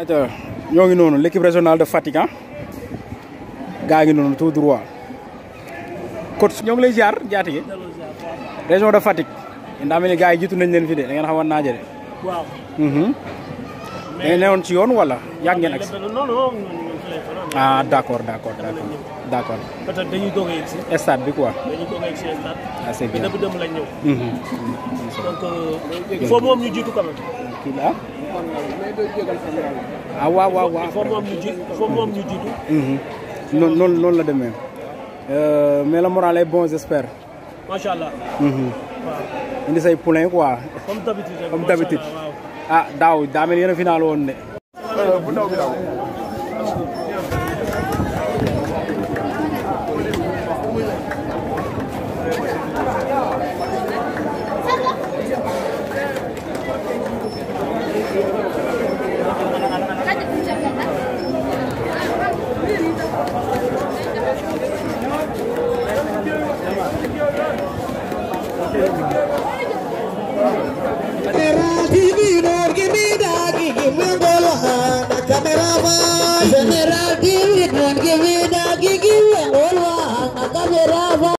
aca ñoo ngi noonu l'équipe régionale de Fatick ah, gaa ngi noonu tout droit coach ñoo ngi lay ziar jaatige région de Fatick ndaa mel ni gaa yi jiitu nañ leen fi de da ngeen xamoon naa jëre waaw mhm. da ngeen newoon ci yoon wala yàgg ngeen ak ah d' accord d' accord d' a yegsi stade bi quoi kii ah waaw waaw waaw foo moom ñu ji foo moom ñu jiitu mm-hmm. noonu la euh, moral est bon j'espère macha allah mm-hmm. waaw indi say poulain quoi comme ah daaw daa mel final woon ne General TV, no, give me that, give me that, camera, camera,